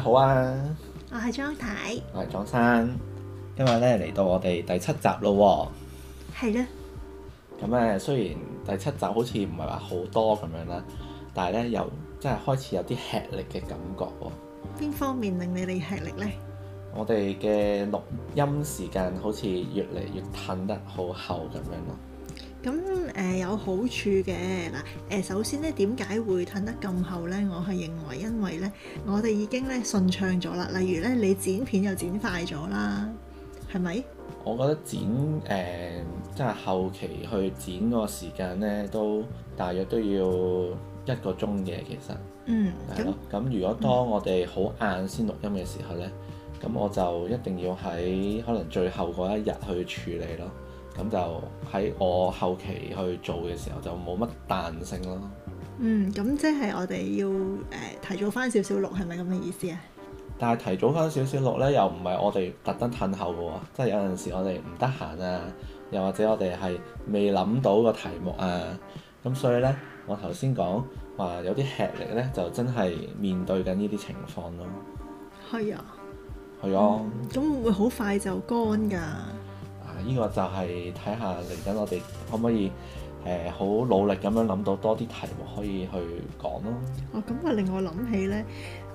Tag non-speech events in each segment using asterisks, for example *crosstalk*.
好啊！我係莊太，我係莊生。今日咧嚟到我哋第七集咯，係咯的。咁咧雖然第七集好似唔係話好多咁樣啦，但係咧又真係開始有啲吃力嘅感覺。邊方面令你哋吃力咧？我哋嘅錄音時間好似越嚟越褪得好後咁樣咯。咁誒、呃、有好處嘅嗱。誒，首先咧，點解會褪得咁後咧？我係認為因為咧，我哋已經咧順暢咗啦。例如咧，你剪片又剪快咗啦，係咪？我覺得剪，誒即係後期去剪嗰個時間咧，都大約都要一個鐘嘅其實。嗯。係咯、咁，嗯、如果當我哋好晏先錄音嘅時候咧，咁、嗯、我就一定要喺可能最後嗰一日去處理咯。咁就喺我後期去做嘅時候，就冇乜彈性咯。嗯，咁即係我哋要誒、呃、提早翻少少錄，係咪咁嘅意思啊？但係提早翻少少錄呢，又唔係我哋特登褪後嘅喎，即係有陣時我哋唔得閒啊，又或者我哋係未諗到個題目啊，咁所以呢，我頭先講話有啲吃力呢，就真係面對緊呢啲情況咯。係啊。係啊。咁、嗯、會好快就乾㗎？呢個就係睇下嚟緊，我哋可唔可以誒好、呃、努力咁樣諗到多啲題目可以去講咯。哦，咁啊，令我諗起咧，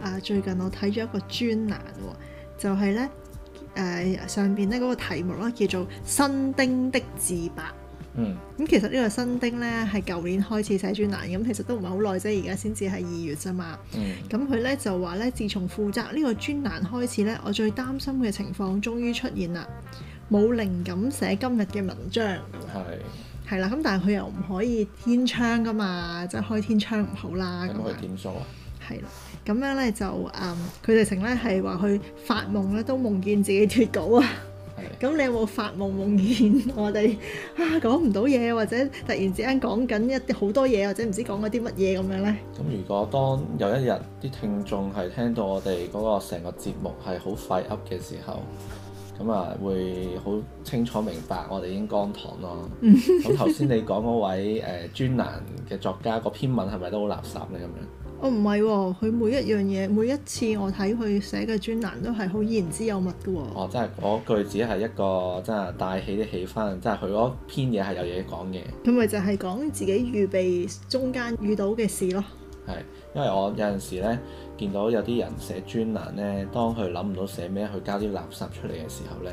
啊最近我睇咗一個專欄喎，就係咧誒上邊咧嗰個題目啦，叫做《新丁的自白》。嗯。咁、嗯、其實呢個新丁咧，係舊年開始寫專欄，咁其實都唔係好耐啫。而家先至係二月啫嘛。咁佢咧就話咧，自從負責呢個專欄開始咧，我最擔心嘅情況終於出現啦。冇靈感寫今日嘅文章，係係啦，咁但係佢又唔可以天窗噶嘛，即係開天窗唔好啦，咁佢點做啊？係啦，咁樣咧就誒，佢哋成咧係話去發夢咧，都夢見自己脫稿啊。係，咁你有冇發夢夢見我哋啊講唔到嘢，或者突然之間講緊一好多嘢，或者唔知講咗啲乜嘢咁樣咧？咁如果當有一日啲聽眾係聽到我哋嗰個成個節目係好廢 up 嘅時候。咁啊，會好清楚明白，我哋已經光堂咯。咁頭先你講嗰位誒專欄嘅作家，個篇文係咪都好垃圾呢？咁樣？哦，唔係喎，佢每一樣嘢，每一次我睇佢寫嘅專欄都係好言之有物嘅喎。哦，即係嗰句只係一個真係帶起啲氣氛，即係佢嗰篇嘢係有嘢講嘅。咁咪就係講自己預備中間遇到嘅事咯？係，因為我有陣時呢。見到有啲人寫專欄呢，當佢諗唔到寫咩，去交啲垃圾出嚟嘅時候呢，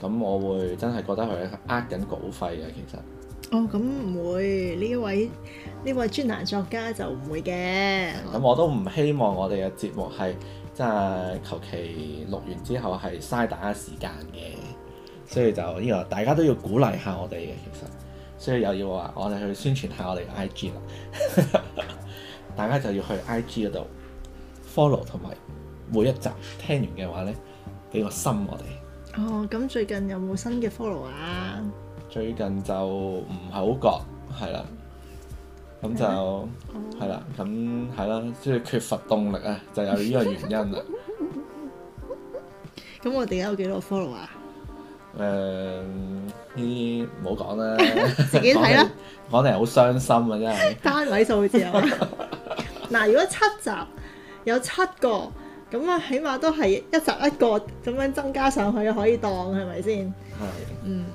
咁我會真係覺得佢呃緊稿費嘅其實。哦，咁唔會呢位呢位專欄作家就唔會嘅。咁、嗯、我都唔希望我哋嘅節目係即係求其錄完之後係嘥大家時間嘅，所以就呢、呢個大家都要鼓勵下我哋嘅其實，所以又要話我哋去宣傳下我哋嘅 IG 啦， *laughs* 大家就要去 IG 嗰度。follow 同埋每一集聽完嘅話咧，畀個心我哋。哦，咁最近有冇新嘅 follow 啊、嗯？最近就唔係好覺，係啦，咁就係啦，咁係啦，即係、就是、缺乏動力啊，就有呢個原因啦。咁 *laughs* 我哋而家有幾多 follow 啊？誒、嗯，呢啲唔好講啦， *laughs* 自己睇啦。講嚟好傷心啊，真係。單位數字啊！嗱， *laughs* *laughs* 如果七集。有七個咁啊，起碼都係一集一個咁樣增加上去，可以當係咪先？係，的嗯，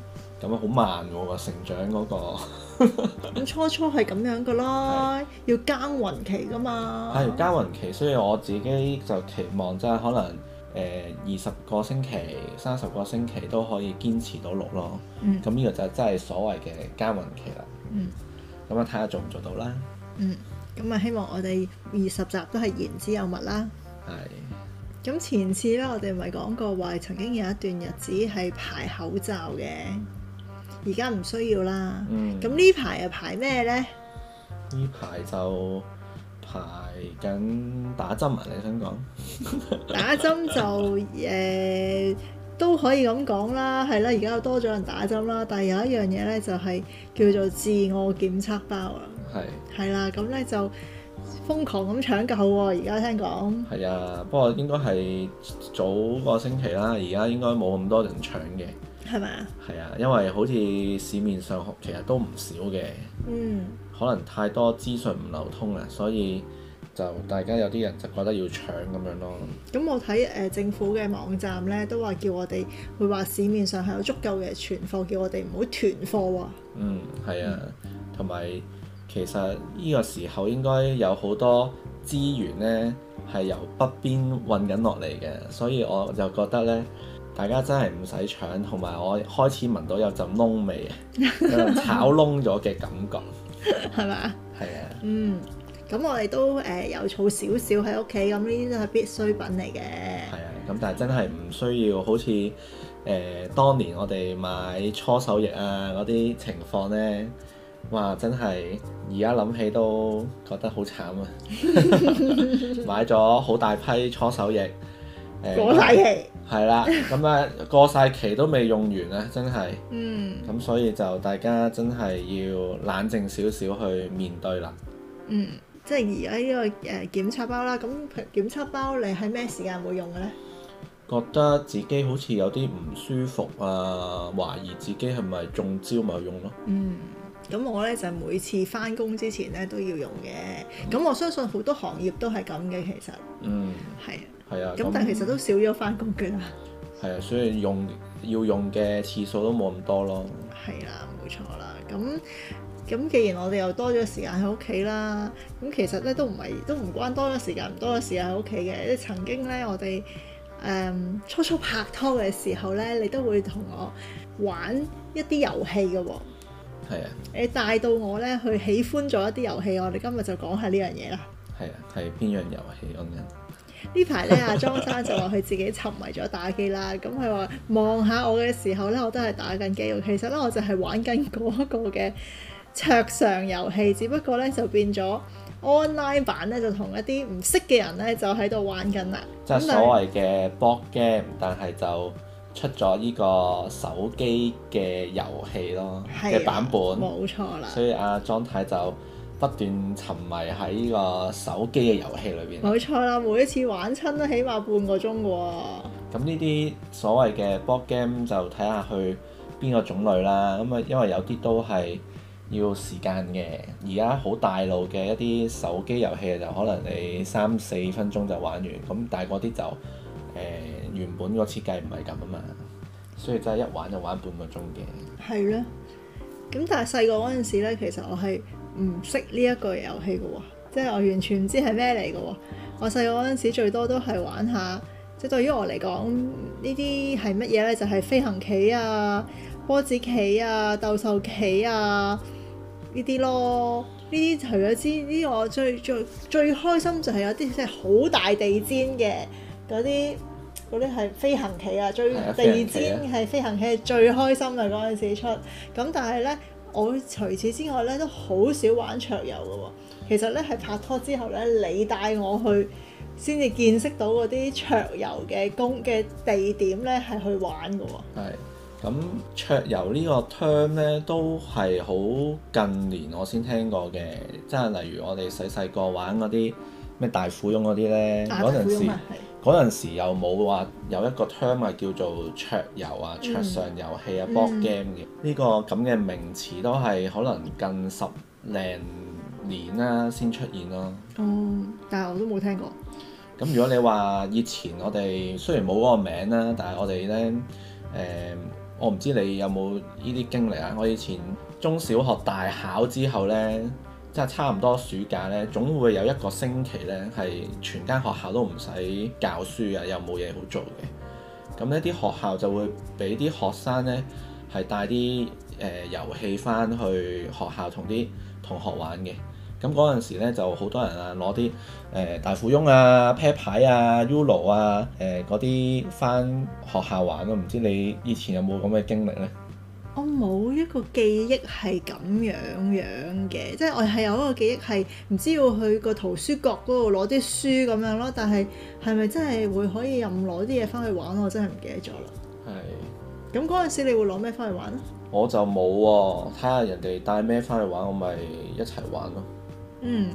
咁啊好慢喎，成長嗰、那個。咁 *laughs* 初初係咁樣噶啦，的要耕耘期噶嘛。係耕耘期，所以我自己就期望即係可能誒二十個星期、三十個星期都可以堅持到六咯。嗯，咁呢個就真係所謂嘅耕耘期啦。嗯，咁啊睇下做唔做到啦。嗯。咁啊，希望我哋二十集都係言之有物啦。係是。咁前次咧，我哋唔係講過話，曾經有一段日子係排口罩嘅，而家唔需要啦。嗯。咁呢排又排咩呢？呢排就排緊打針啊！你想講？ *laughs* *laughs* 打針就誒都、 *laughs* yeah, 可以咁講啦，係啦，而家又多咗人打針啦。但係有一樣嘢咧，就係、是、叫做自我檢測包啊。係，係啦，咁咧就瘋狂咁搶購喎！而家聽講，係啊，不過應該係早個星期啦，而家應該冇咁多人搶嘅，係咪啊？係啊，因為好似市面上其實都唔少嘅，嗯，可能太多資訊唔流通啦，所以就大家有啲人就覺得要搶咁樣咯。咁我睇誒、呃、政府嘅網站咧，都話叫我哋，會話市面上係有足夠嘅存貨，叫我哋唔好囤貨喎。嗯，係啊，同埋。其實呢個時候應該有好多資源呢係由北邊運緊落嚟嘅，所以我就覺得呢，大家真係唔使搶，同埋我開始聞到有陣燶味啊， *laughs* 炒燶咗嘅感覺，係咪 *laughs* *laughs* 吧啊？係、嗯呃、啊。嗯，咁我哋都誒有儲少少喺屋企，咁呢啲都係必需品嚟嘅。係啊，咁但係真係唔需要，好似誒、呃、當年我哋買搓手液啊嗰啲情況呢。哇！真係而家諗起都覺得好慘啊！ *laughs* *laughs* 買咗好大批搓手液，誒、欸嗯、過晒期係啦，咁啊過晒期都未用完啊，真係。嗯。咁所以就大家真係要冷靜少少去面對啦。嗯，即係而家呢個誒檢測包啦，咁檢測包你喺咩時間會用嘅咧？覺得自己好似有啲唔舒服啊，懷疑自己係咪中招咪用咯。嗯。咁我咧就每次翻工之前咧都要用嘅，咁我相信好多行業都係咁嘅其實。嗯，係啊的。係啊的。咁但係其實都少咗翻工嘅啊。係啊、嗯，所以用要用嘅次數都冇咁多咯。係啦，冇錯啦。咁咁，既然我哋又多咗時間喺屋企啦，咁其實咧都唔係都唔關多咗時間唔多咗時間喺屋企嘅，即係曾經咧我哋誒、嗯、初初拍拖嘅時候咧，你都會同我玩一啲遊戲嘅喎。係啊！你帶到我咧去喜歡咗一啲遊戲，我哋今日就講下呢樣嘢啦。係啊，係邊樣遊戲？咁樣呢排咧 *laughs* 阿莊生就話佢自己沉迷咗打機啦。咁佢話望下我嘅時候咧，我都係打緊機。其實咧，我就係玩緊嗰個嘅桌上遊戲，只不過咧就變咗 online 版咧，就同一啲唔識嘅人咧就喺度玩緊啦。即係所謂嘅 board game，但係就。出咗呢個手機嘅遊戲咯嘅的版本，冇錯啦。所以阿、啊、莊太就不斷沉迷喺呢個手機嘅遊戲裏邊。冇錯啦，每一次玩親都起碼半個鐘喎、哦。咁呢啲所謂嘅 board game 就睇下去邊個種類啦。咁啊，因為有啲都係要時間嘅。而家好大路嘅一啲手機遊戲，就可能你三四分鐘就玩完。咁大個啲就。誒，原本個設計唔係咁啊嘛，所以就係一玩就玩半個鐘嘅。係咯，咁但係細個嗰陣時咧，其實我係唔識呢一個遊戲嘅哦，即係我完全唔知係咩嚟嘅。我細個嗰陣時最多都係玩下，即係對於我嚟講呢啲係乜嘢咧？就係飛行棋啊、波子棋啊、鬥獸棋啊呢啲咯。呢啲除咗之呢啲我最最最開心就係有啲即係好大地氈嘅。嗰啲嗰啲係飛行棋啊，最地氈係飛行棋係最開心啊！嗰陣時出咁。但係呢，我除此之外呢，都好少玩桌遊嘅喎。其實呢，係拍拖之後呢，你帶我去先至見識到嗰啲桌遊嘅工嘅地點呢，係去玩嘅喎。係咁桌遊呢個 term 呢，都係好近年我先聽過嘅，即係例如我哋細細個玩嗰啲咩大富翁嗰啲呢。嗰陣時。嗰陣時又冇話有，有一個 term 係叫做桌遊啊、桌上遊戲啊、board game 嘅，呢、呢個咁嘅名詞都係可能近十零年啦先出現咯、嗯。但係我都冇聽過。咁如果你話以前我哋雖然冇嗰個名啦，但係我哋呢，誒、呃，我唔知你有冇呢啲經歷啊。我以前中小學大考之後呢。差唔多暑假咧，總會有一個星期咧，係全間學校都唔使教書啊，又冇嘢好做嘅。咁呢啲學校就會俾啲學生咧，係帶啲誒遊戲翻去學校同啲同學玩嘅。咁嗰陣時咧，就好多人啊，攞啲誒大富翁啊、啤牌啊、Uno 啊、誒嗰啲翻學校玩啊。唔知你以前有冇咁嘅經歷咧？我冇一個記憶係咁樣樣嘅，即係我係有一個記憶係唔知要去個圖書閣嗰度攞啲書咁樣咯，但係係咪真係會可以任攞啲嘢翻去玩，我真係唔記得咗啦。係是。咁嗰陣時你會攞咩翻去玩啊？我就冇喎，睇下人哋帶咩翻去玩，我咪一齊玩咯、啊。嗯，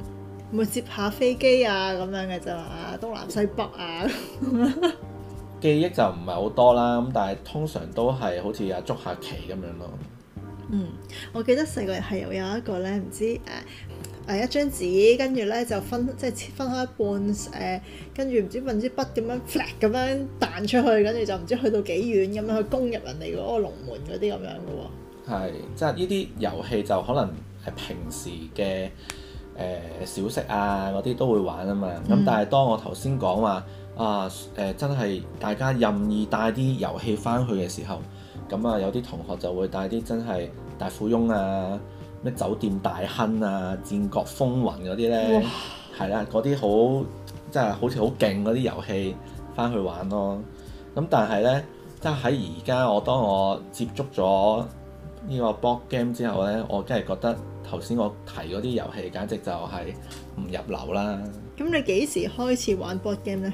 咪摺下飛機啊咁樣嘅啫嘛，東南西北啊。 *laughs* 記憶就唔係好多啦，咁但係通常都係好似啊捉下棋咁樣咯。嗯，我記得細個係有有一個咧，唔知誒誒、啊啊、一張紙，跟住咧就分即係分開一半誒，跟住唔知揾支筆點樣 flat 咁樣彈出去，跟住就唔知去到幾遠咁樣去攻入人哋嗰個龍門嗰啲咁樣嘅喎。係，即係呢啲遊戲就可能係平時嘅誒、呃、小息啊嗰啲都會玩啊嘛。咁但係當我頭先講話，嗯啊！誒、呃，真係大家任意帶啲遊戲翻去嘅時候，咁啊，有啲同學就會帶啲真係大富翁啊、咩酒店大亨啊、戰國風雲嗰啲呢。係啦哇，嗰啲好即係好似好勁嗰啲遊戲翻去玩咯。咁、嗯、但係呢，即係喺而家我當我接觸咗呢個 board game 之後呢，我真係覺得頭先我提嗰啲遊戲簡直就係唔入流啦。咁你幾時開始玩 board game 呢？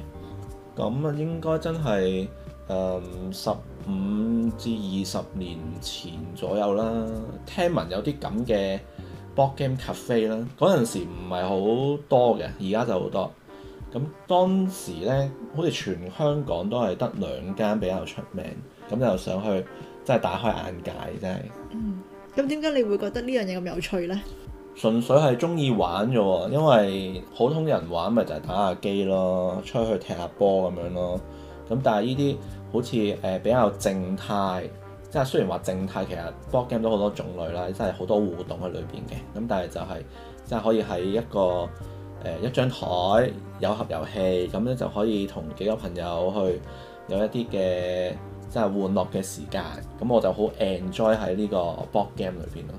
咁啊，應該真係誒十五至二十年前左右啦。聽聞有啲咁嘅 board game cafe 啦，嗰陣時唔係好多嘅，而家就好多。咁當時咧，好似全香港都係得兩間比較出名。咁就想去真係大開眼界，真係。嗯，咁點解你會覺得呢樣嘢咁有趣呢？純粹係中意玩啫喎，因為普通人玩咪就係打下機咯，出去踢下波咁樣咯。咁但係呢啲好似誒比較靜態，即係雖然話靜態，其實 board game 都好多種類啦，即係好多互動喺裏邊嘅。咁但係就係、是、即係可以喺一個誒、呃、一張台有盒遊戲咁咧，就可以同幾個朋友去有一啲嘅即係玩樂嘅時間。咁我就好 enjoy 喺呢個 board game 裏邊咯。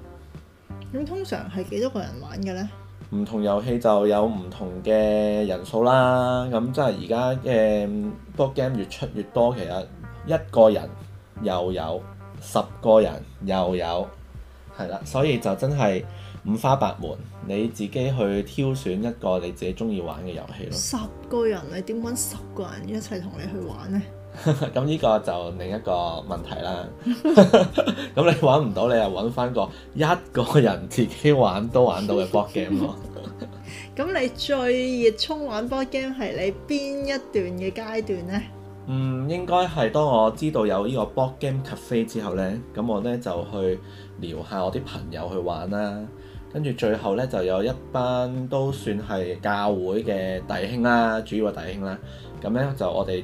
咁通常係幾多個人玩嘅呢？唔同遊戲就有唔同嘅人數啦。咁即係而家誒 board game 越出越多，其實一個人又有十個人又有，係啦。所以就真係五花八門，你自己去挑選一個你自己中意玩嘅遊戲咯。十個人你點揾十個人一齊同你去玩呢？咁呢 *laughs* 個就另一個問題啦。咁 *laughs* 你揾唔到，你又揾翻個一個人自己玩都玩到嘅 board game 咯。咁 *laughs* *laughs* 你最熱衷玩 board game 係你邊一段嘅階段呢？嗯，應該係當我知道有呢個 board game cafe 之後呢，咁我呢就去撩下我啲朋友去玩啦。跟住最後呢，就有一班都算係教會嘅弟兄啦，主要嘅弟兄啦。咁呢，就我哋，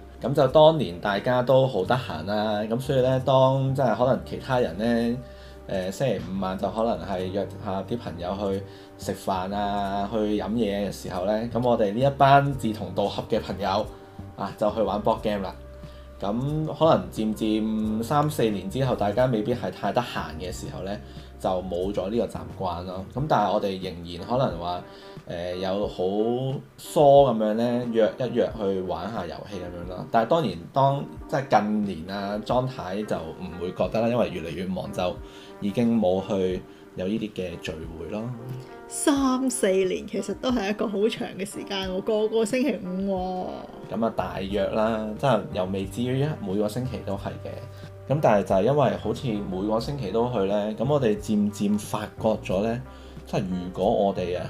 咁就當年大家都好得閒啦，咁所以呢，當即係可能其他人呢、呃，星期五晚就可能係約下啲朋友去食飯啊，去飲嘢嘅時候呢。咁我哋呢一班志同道合嘅朋友啊，就去玩 board game 啦。咁可能漸漸三四年之後，大家未必係太得閒嘅時候呢。就冇咗呢個習慣咯，咁但係我哋仍然可能話誒、呃、有好疏咁樣咧，約一約去玩下遊戲咁樣咯。但係當然，當即係近年啊，莊太就唔會覺得啦，因為越嚟越忙，就已經冇去有呢啲嘅聚會咯。三四年其實都係一個好長嘅時間喎，個個星期五、哦。咁啊，大約啦，即係又未至於每個星期都係嘅。咁但係就係因為好似每個星期都去呢。咁我哋漸漸發覺咗呢，即係如果我哋啊、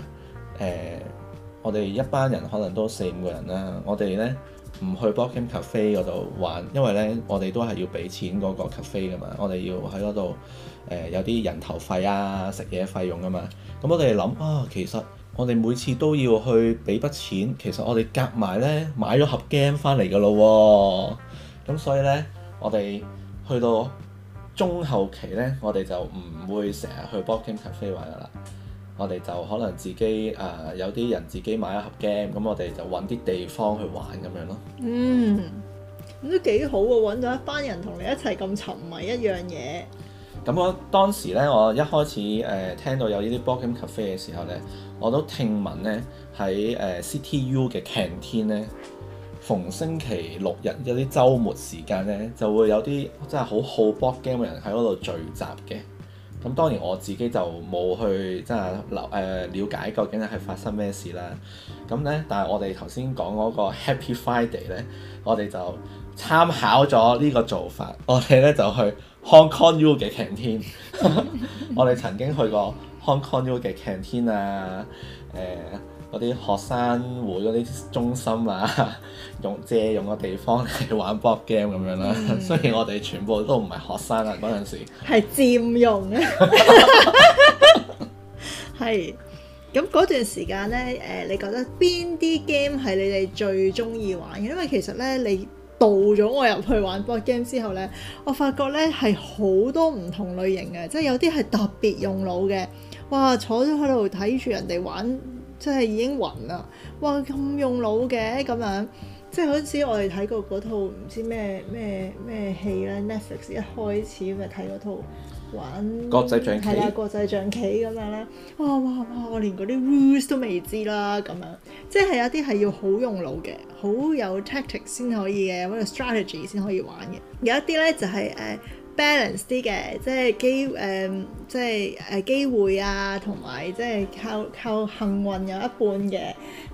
呃，我哋一班人可能都四五個人啦，我哋呢唔去 board game cafe 嗰度玩，因為呢我哋都係要俾錢嗰個 cafe 噶嘛，我哋要喺嗰度有啲人頭費啊、食嘢費用噶嘛，咁我哋諗啊，其實。我哋每次都要去俾筆錢，其實我哋夾埋咧買咗盒 game 翻嚟嘅咯喎，咁所以咧我哋去到中後期咧，我哋就唔會成日去 Board Game Cafe 玩噶啦，我哋就可能自己誒、呃、有啲人自己買一盒 game，咁我哋就揾啲地方去玩咁樣咯。嗯，咁都幾好喎，揾到一班人同你一齊咁沉迷一樣嘢。咁我當時咧，我一開始誒、呃、聽到有呢啲 board game cafe 嘅時候咧，我都聽聞咧喺誒 CTU 嘅 canteen 咧，逢星期六日一啲週末時間咧，就會有啲真係好好 board game 嘅人喺嗰度聚集嘅。咁當然我自己就冇去，真係留誒了解究竟係發生咩事啦。咁咧，但係我哋頭先講嗰個 Happy Friday 咧，我哋就～參考咗呢個做法，我哋咧就去 Hong Kong U 嘅 canteen。 *laughs* 我哋曾經去過 Hong Kong U 嘅 canteen 啊，誒嗰啲學生會嗰啲中心啊，用借用個地方嚟玩 board game 咁樣啦。雖然、嗯、我哋全部都唔係學生啊，嗰陣時係佔用啊。係咁嗰段時間咧，誒你覺得邊啲 game 係你哋最中意玩嘅？因為其實咧，你導咗我入去玩 board game 之後呢，我發覺呢係好多唔同類型嘅，即係有啲係特別用腦嘅，哇！坐咗喺度睇住人哋玩，即係已經暈啦，哇！咁用腦嘅咁樣。即係好似我哋睇過嗰套唔知咩咩咩戲咧，Netflix 一開始咪睇嗰套玩國際象棋，係啦國際象棋咁樣咧，哦，哇哇哇！我連嗰啲 rules 都未知啦咁樣，即係有啲係要好用腦嘅，好有 tactics 先可以嘅，嗰個 strategy 先可以玩嘅，有一啲咧就係、是、誒。呃 balance 啲嘅，即係機誒，即係誒機會啊，同埋即係靠靠幸運有一半嘅，誒、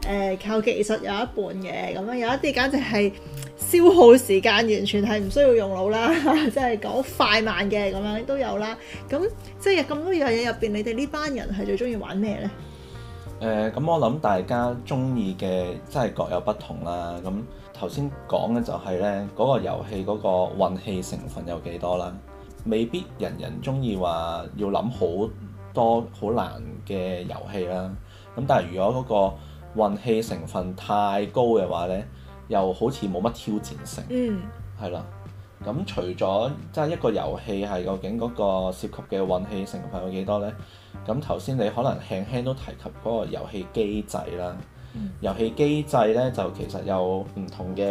呃、靠技術有一半嘅，咁樣有一啲簡直係消耗時間，完全係唔需要用腦啦，即係講快慢嘅咁樣都有啦。咁即係咁多樣嘢入邊，你哋呢班人係最中意玩咩呢？咁、呃、我諗大家中意嘅即係各有不同啦。咁頭先講嘅就係呢嗰個遊戲嗰個運氣成分有幾多啦？未必人人中意話要諗好多好難嘅遊戲啦。咁但係如果嗰個運氣成分太高嘅話呢，又好似冇乜挑戰性。嗯，係啦。咁除咗即係一個遊戲係究竟嗰個涉及嘅運氣成分有幾多呢？咁頭先你可能輕輕都提及嗰個遊戲機制啦。嗯，遊戲機制咧就其實有唔同嘅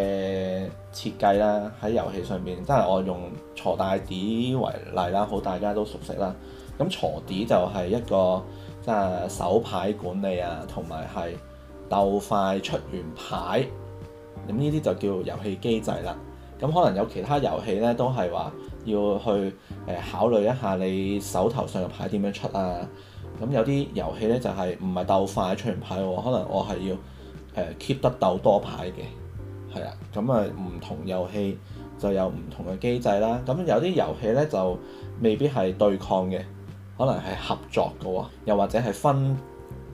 設計啦，喺遊戲上面，即係我用鋤大碟為例啦，好大家都熟悉啦。咁鋤碟就係一個即係手牌管理啊，同埋係鬥快出完牌，咁呢啲就叫遊戲機制啦。咁可能有其他遊戲咧，都係話要去誒考慮一下你手頭上嘅牌點樣出啊。咁有啲遊戲咧就係唔係鬥快出完牌喎，可能我係要誒 keep、呃、得鬥多牌嘅，係啊，咁啊唔同遊戲就有唔同嘅機制啦。咁有啲遊戲咧就未必係對抗嘅，可能係合作嘅喎，又或者係分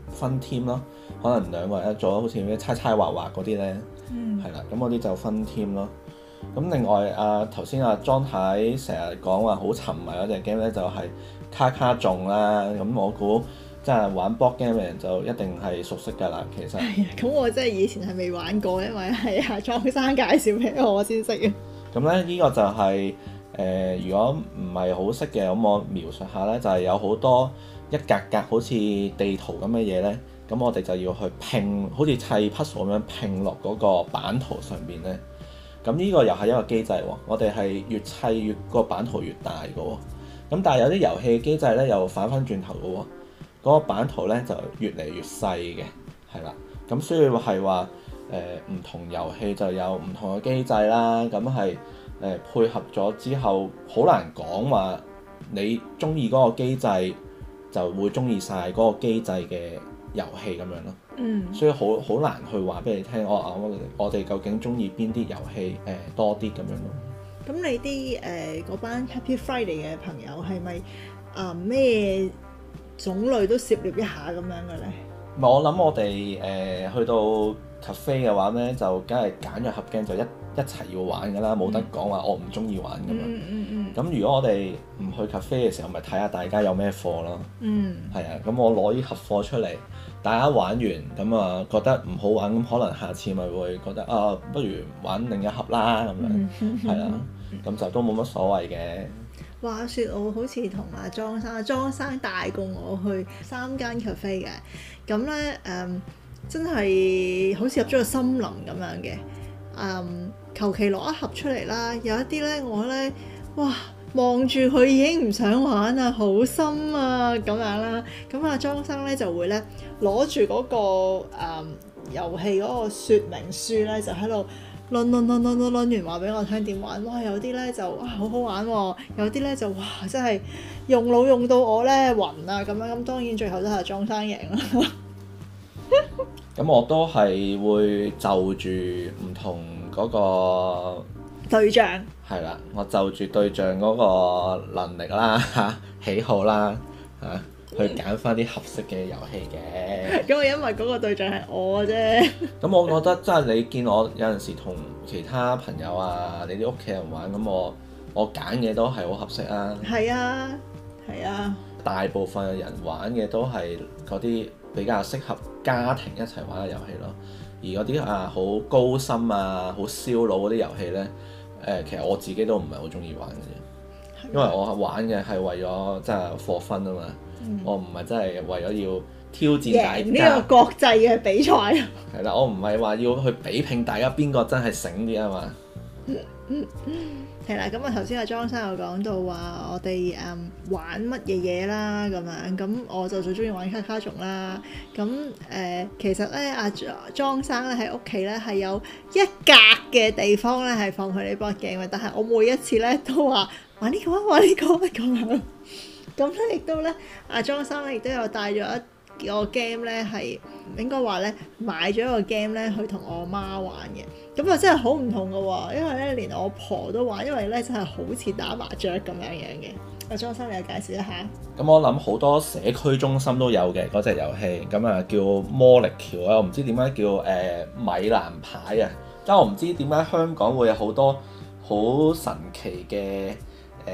分 team 咯，可能兩個人一組，好似咩猜猜畫畫嗰啲咧，係啦、嗯，咁嗰啲就分 team 咯。咁另外啊，頭先阿莊太成日講話好沉迷嗰隻 game 咧，就係、是。卡卡仲啦，咁我估真係玩 board game 嘅人就一定係熟悉嘅啦。其實係，咁我真係以前係未玩過，因為係阿創生介紹俾我先識嘅。咁咧，呢個就係誒，如果唔係好識嘅，咁我描述下咧，就係有好多一格格好似地圖咁嘅嘢咧。咁我哋就要去拼，好似砌 puzzle 咁樣拼落嗰個版圖上邊咧。咁呢個又係一個機制喎，我哋係越砌越個版圖越大嘅。咁但係有啲遊戲機制咧，又反翻轉頭嘅喎，嗰個版圖咧就越嚟越細嘅，係啦。咁所以係話誒唔同遊戲就有唔同嘅機制啦。咁係誒配合咗之後，好難講話你中意嗰個機制就會中意晒嗰個機制嘅遊戲咁樣咯。嗯。所以好好難去話俾你聽，我我哋究竟中意邊啲遊戲誒、呃、多啲咁樣咯。咁你啲誒嗰班 Happy Friday 嘅朋友係咪啊咩種類都涉獵一下咁樣嘅咧？我諗我哋誒、呃、去到 cafe 嘅話咧，就梗係揀咗盒鏡就一。一齊要玩㗎啦，冇、嗯、得講話我唔中意玩㗎嘛。咁、嗯嗯、如果我哋唔去 cafe 嘅時候，咪睇下大家有咩貨咯。係啊、嗯，咁我攞呢盒貨出嚟，大家玩完咁啊，覺得唔好玩，咁可能下次咪會覺得啊，不如玩另一盒啦咁樣。係啦、嗯，咁、嗯、就都冇乜所謂嘅。 *laughs* 話説我好似同阿莊生，莊生帶過我去三間 cafe 嘅。咁咧誒，真係好似入咗個森林咁樣嘅，嗯。嗯。求其攞一盒出嚟啦，有一啲咧我咧，哇，望住佢已經唔想玩啦，好深啊咁樣啦，咁啊莊生咧就會咧攞住嗰個誒、呃、遊戲嗰個説明書咧，就喺度輪輪輪輪輪輪完話俾我聽點玩，哇！有啲咧就哇好好玩喎、啊，有啲咧就哇真係用腦用到我咧暈啊咁樣，咁當然最後都係莊生贏啦。咁我都係會就住唔同。嗰、那個對象係啦，我就住對象嗰個能力啦、吓、啊、喜好啦，吓、啊、去揀翻啲合適嘅遊戲嘅。咁 *laughs* 我因為嗰個對象係我啫。咁 *laughs* 我覺得即係你見我有陣時同其他朋友啊、你啲屋企人玩，咁我我揀嘅都係好合適啊。係啊，係啊。大部分人玩嘅都係嗰啲比較適合家庭一齊玩嘅遊戲咯。而嗰啲啊，好高深啊，好燒腦嗰啲遊戲呢，誒、呃、其實我自己都唔係好中意玩嘅。嗎因為我玩嘅係為咗即係 for fun 啊嘛，嗯、我唔係真係為咗要挑戰呢個國際嘅比賽。係 *laughs* 啦，我唔係話要去比拼大家邊個真係醒啲啊嘛。係啦，咁啊、嗯，頭、嗯嗯、先阿莊生又講到話我哋嗯玩乜嘢嘢啦，咁樣，咁我就最中意玩卡卡頌啦。咁誒、呃，其實咧阿莊生咧喺屋企咧係有一格嘅地方咧係放佢呢把鏡嘅，但係我每一次咧都話玩呢個，玩呢個吖咁樣。咁咧亦都咧，阿莊生咧亦都有帶咗一。個 game 咧係應該話咧買咗個 game 咧去同我媽玩嘅，咁啊真係好唔同嘅喎，因為咧連我婆都玩，因為咧真係好似打麻雀咁樣樣嘅。阿莊生你介紹一下。咁我諗好多社區中心都有嘅嗰隻遊戲，咁啊叫魔力橋啊，唔知點解叫誒米蘭牌啊，但我唔知點解香港會有好多好神奇嘅誒。呃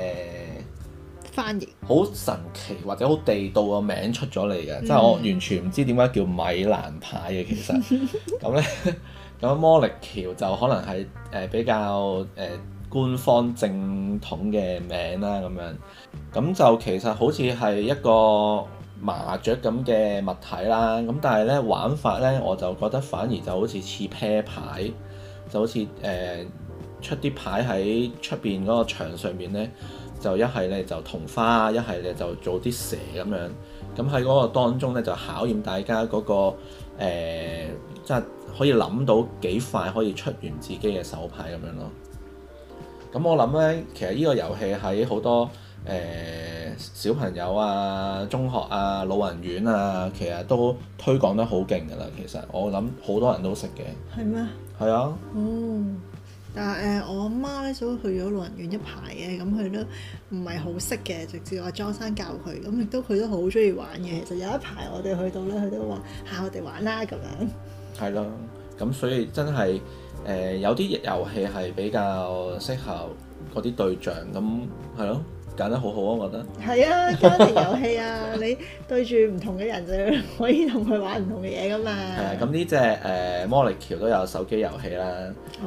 好神奇或者好地道嘅名出咗嚟嘅，即係、嗯、我完全唔知點解叫米蘭牌嘅其實。咁 *laughs* 呢，咁魔力橋就可能係誒、呃、比較誒、呃、官方正統嘅名啦咁樣。咁就其實好似係一個麻雀咁嘅物體啦。咁但係呢玩法呢，我就覺得反而就好似似啤牌，就好似誒、呃、出啲牌喺出邊嗰個牆上面呢。就一係咧就同花，一係咧就做啲蛇咁樣。咁喺嗰個當中咧就考驗大家嗰個、即係、呃、可以諗到幾快可以出完自己嘅手牌咁樣咯。咁我諗咧，其實呢個遊戲喺好多誒、呃、小朋友啊、中學啊、老人院啊，其實都推廣得好勁噶啦。其實我諗好多人都識嘅。係咩嗎？係啊。哦、嗯。但誒、呃，我阿媽咧早去咗老人院一排嘅，咁佢都唔係好識嘅，直接我莊生教佢，咁亦都佢都好中意玩嘅。其實、嗯、有一排我哋去到咧，佢都話下我哋玩啦咁樣。係咯，咁所以真係誒、呃，有啲遊戲係比較適合嗰啲對象，咁係咯。揀得好好啊，我覺得。係啊，家庭遊戲啊，你對住唔同嘅人就可以同佢玩唔同嘅嘢噶嘛。係啊，咁呢隻誒魔力橋都有手機遊戲啦，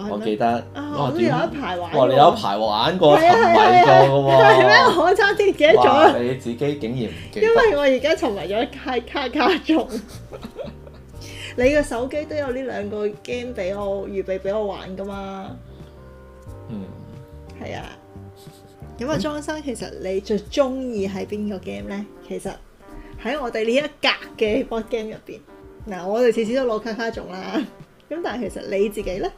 我記得。我都有排玩。我有排玩過沉迷過嘅喎。係咩？我真係記唔到。哇！你自己竟然唔記得。因為我而家沉迷咗喺卡卡中。你嘅手機都有呢兩個 game 俾我預備俾我玩噶嘛？嗯。係啊。咁啊，莊生、嗯，其實你最中意係邊個 game 咧？其實喺我哋呢一格嘅 board game 入邊，嗱，我哋次次都攞卡卡頌啦。咁但係其實你自己咧，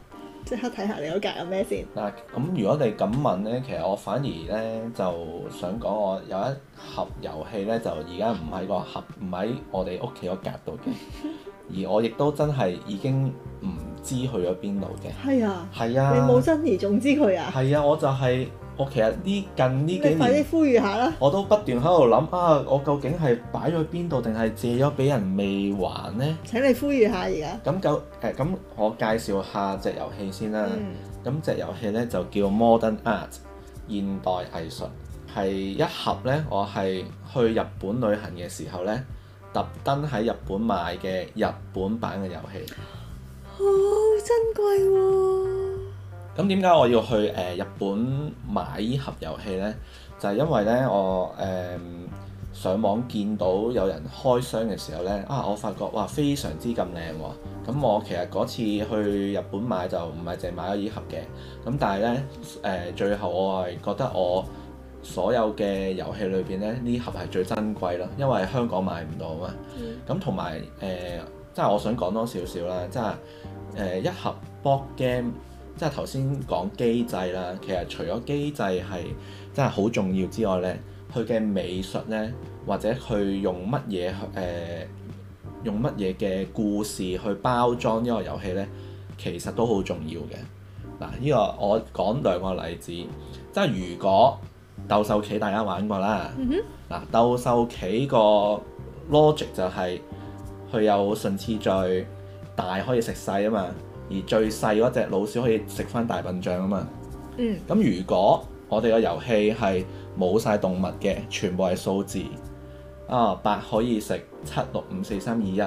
即刻睇下你嗰格有咩先。嗱、嗯，咁如果你咁問咧，其實我反而咧就想講，我有一盒遊戲咧，就而家唔喺個盒，唔喺我哋屋企嗰格度嘅， *laughs* 而我亦都真係已經唔知去咗邊度嘅。係啊，係啊，你冇珍而重之佢啊？係啊，我就係、是。我其實呢近呢幾年，你快啲呼籲下啦！我都不斷喺度諗啊，我究竟係擺咗喺邊度，定係借咗俾人未還呢？請你呼籲下而家。咁九誒，咁我介紹下隻遊戲先啦。咁隻、嗯、遊戲呢，就叫 Modern Art，現代藝術，係一盒呢，我係去日本旅行嘅時候呢，特登喺日本買嘅日本版嘅遊戲。好珍貴喎、哦！咁點解我要去誒、呃、日本買呢盒遊戲呢？就係、是、因為呢，我誒、呃、上網見到有人開箱嘅時候呢，啊，我發覺哇非常之咁靚喎。咁我其實嗰次去日本買就唔係淨買咗呢盒嘅。咁但係呢，誒、呃，最後我係覺得我所有嘅遊戲裏邊呢，呢盒係最珍貴咯，因為香港買唔到啊嘛。咁同埋誒，即係、呃、我想講多少少啦，即係、呃、一盒 board game。即係頭先講機制啦，其實除咗機制係真係好重要之外咧，佢嘅美術咧，或者佢用乜嘢誒，用乜嘢嘅故事去包裝呢個遊戲咧，其實都好重要嘅。嗱，呢個我講兩個例子，即係如果鬥獸棋大家玩過啦，嗱，鬥獸棋個 logic 就係佢有順次序，大可以食細啊嘛。而最細嗰隻老鼠可以食翻大笨象啊嘛，嗯，咁如果我哋個遊戲係冇晒動物嘅，全部係數字，啊、哦、八可以食七六五四三二一，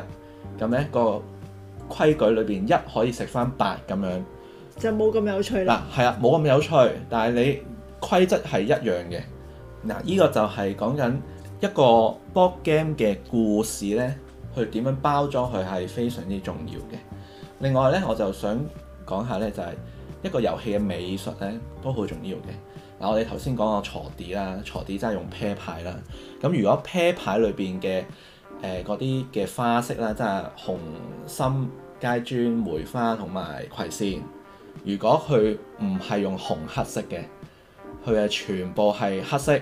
咁咧個規矩裏邊一可以食翻八咁樣，就冇咁有趣啦。嗱係啊，冇咁有趣，但係你規則係一樣嘅。嗱呢、這個就係講緊一個 board game 嘅故事咧，去點樣包裝佢係非常之重要嘅。另外咧，我就想講下咧，就係一個遊戲嘅美術咧，都好重要嘅。嗱、啊，我哋頭先講個鋤地啦，鋤地真係用啤牌啦。咁、啊、如果啤牌裏邊嘅誒嗰啲嘅花色啦，即係紅心、階磚、梅花同埋葵扇，如果佢唔係用紅黑色嘅，佢係全部係黑色，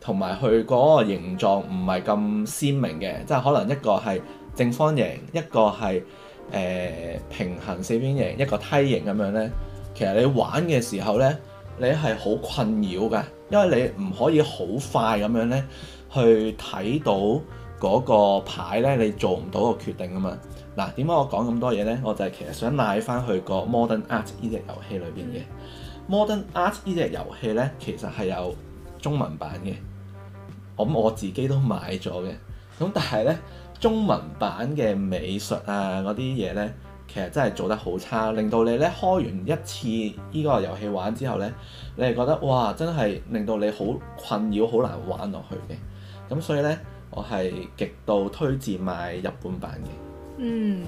同埋佢嗰個形狀唔係咁鮮明嘅，即係可能一個係正方形，一個係。誒、呃、平行四邊形，一個梯形咁樣呢。其實你玩嘅時候呢，你係好困擾嘅，因為你唔可以好快咁樣呢去睇到嗰個牌呢。你做唔到個決定啊嘛。嗱，點解我講咁多嘢呢？我就係其實想拉返去個 Modern Art 呢隻遊戲裏邊嘅 Modern Art 呢隻遊戲呢，其實係有中文版嘅，咁我自己都買咗嘅。咁但係呢。中文版嘅美術啊，嗰啲嘢呢，其實真係做得好差，令到你呢開完一次呢個遊戲玩之後呢，你係覺得哇，真係令到你好困擾，好難玩落去嘅。咁所以呢，我係極度推薦買日本版嘅。嗯。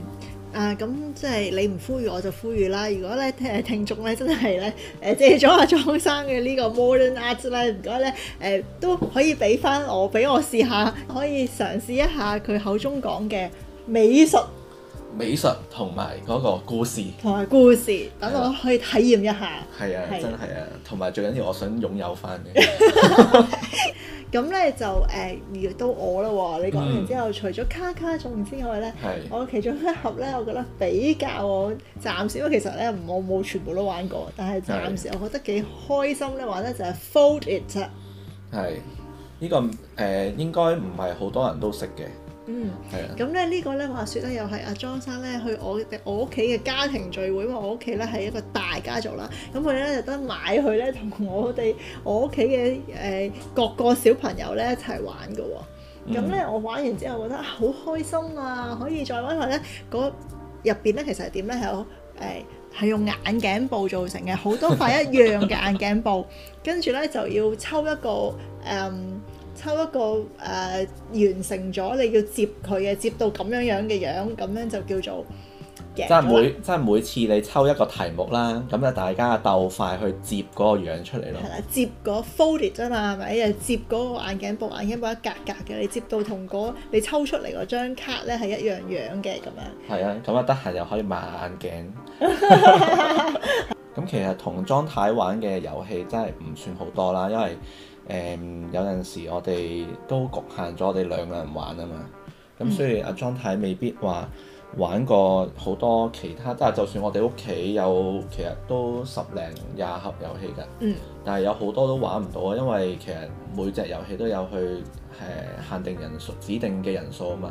啊，咁即係你唔呼籲我就呼籲啦。如果咧，誒聽眾咧真係咧，誒借咗阿莊生嘅呢個 Modern Art 咧，唔該咧，誒都可以俾翻我，俾我試下，可以嘗試一下佢口中講嘅美術。美術同埋嗰個故事，同埋故事，等我可以體驗一下。係啊，真係啊，同埋最緊要我想擁有翻嘅。咁咧就誒到我啦喎，你講完之後，除咗卡卡仲之外咧，我其中一盒咧，我覺得比較我暫時，因為其實咧我冇全部都玩過，但係暫時我覺得幾開心咧玩咧就係 Fold It 啊。係，呢個誒應該唔係好多人都識嘅。嗯，係啊的，咁咧呢個咧話說咧又係阿莊生咧去我我屋企嘅家庭聚會，因為我屋企咧係一個大家族啦，咁佢咧就得買佢咧同我哋我屋企嘅誒各個小朋友咧一齊玩嘅。哦，咁咧、嗯、我玩完之後覺得好開心啊，可以再玩下咧，嗰入邊咧其實點咧係好誒係用眼鏡布做成嘅，好多塊一樣嘅眼鏡布， *laughs* 跟住咧就要抽一個誒。嗯抽一個誒、呃、完成咗，你要接佢嘅，接到咁樣樣嘅樣，咁樣就叫做即。即係每即係每次你抽一個題目啦，咁咧大家鬥快去接嗰個樣出嚟咯。係啦，接嗰 folded 啊嘛，係咪？又接嗰個眼鏡布眼鏡布一格格嘅，你接到同嗰、那個、你抽出嚟嗰張卡咧係一樣樣嘅咁樣。係啊，咁啊得閒又可以買眼鏡。咁其實同莊太玩嘅遊戲真係唔算好多啦，因為。誒、嗯、有陣時，我哋都局限咗我哋兩個人玩啊嘛，咁所以阿莊太未必話玩過好多其他，但係就算我哋屋企有，其實都十零廿盒遊戲㗎，但係有好多都玩唔到啊，因為其實每隻遊戲都有去限定人數、指定嘅人數啊嘛，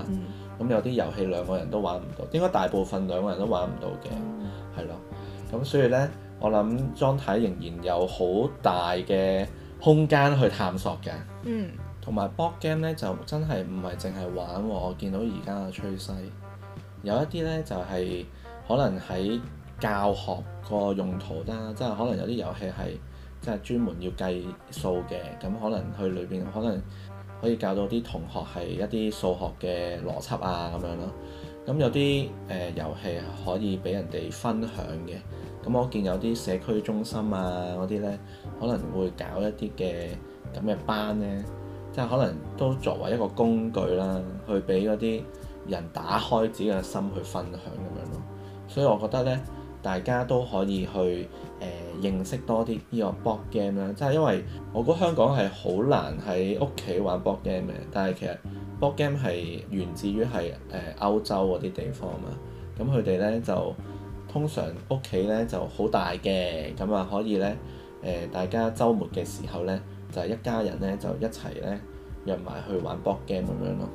咁有啲遊戲兩個人都玩唔到，應該大部分兩個人都玩唔到嘅，係咯、嗯，咁所以呢，我諗莊太仍然有好大嘅。空間去探索嘅，嗯，同埋 board game 咧就真係唔係淨係玩喎。我見到而家嘅趨勢，有一啲咧就係、是、可能喺教學個用途啦，即、就、係、是、可能有啲遊戲係即係專門要計數嘅，咁可能去裏邊可能可以教到啲同學係一啲數學嘅邏輯啊咁樣咯。咁有啲誒、呃、遊戲可以俾人哋分享嘅。咁我見有啲社區中心啊，嗰啲呢可能會搞一啲嘅咁嘅班呢，即係可能都作為一個工具啦，去俾嗰啲人打開自己嘅心去分享咁樣咯。所以我覺得呢，大家都可以去誒、呃、認識多啲呢個 board game 啦。即係因為我覺得香港係好難喺屋企玩 board game 嘅，但係其實 board game 係源自於係誒歐洲嗰啲地方嘛。咁佢哋呢就～通常屋企咧就好大嘅，咁啊可以咧誒、呃，大家周末嘅時候咧就係一家人咧就一齊咧約埋去玩 board game 咁樣咯。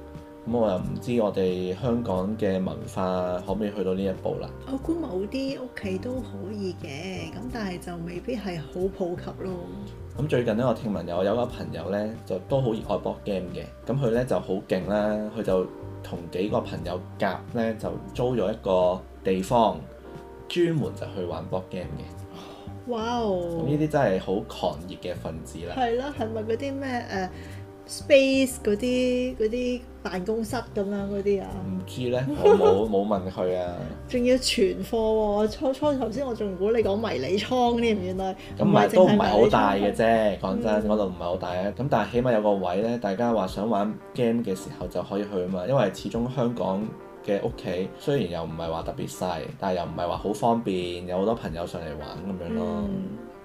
咁我又唔知我哋香港嘅文化可唔可以去到呢一步啦？我估某啲屋企都可以嘅，咁但係就未必係好普及咯。咁最近咧，我聽聞有有一個朋友咧就都好熱愛 board game 嘅，咁佢咧就好勁啦，佢就同幾個朋友夾咧就租咗一個地方。專門就去玩 block game 嘅，哇哦！咁呢啲真係好狂熱嘅分子啦。係咯，係咪嗰啲咩誒 space 嗰啲嗰啲辦公室咁樣嗰啲啊？唔知咧，我冇冇問佢啊。仲要存貨喎、啊，初初頭先我仲估你講迷你倉添，原來咁咪都唔係好大嘅啫。講、嗯、真，嗰度唔係好大嘅，咁但係起碼有個位咧，大家話想玩 game 嘅時候就可以去啊嘛。因為始終香港。嘅屋企雖然又唔係話特別細，但係又唔係話好方便，有好多朋友上嚟玩咁樣咯。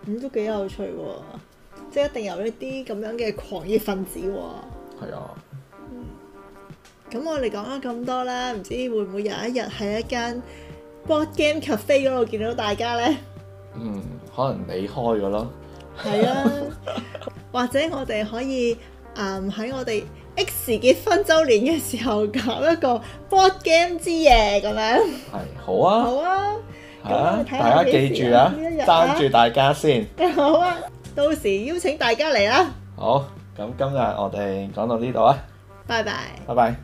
咁都幾有趣喎！即係一定有一啲咁樣嘅狂熱分子喎。係啊。咁、嗯、我哋講咗咁多啦，唔知會唔會有一日喺一間 board game cafe 嗰度見到大家呢？嗯，可能你開㗎咯。係 *laughs* 啊，或者我哋可以啊喺、嗯、我哋。即時結婚周年嘅時候搞一個 board game 之夜咁樣，係好啊，好啊，咁大家記住啊，爭住大家先，好啊，到時邀請大家嚟啦，好，咁今日我哋講到呢度啊，拜拜，拜拜。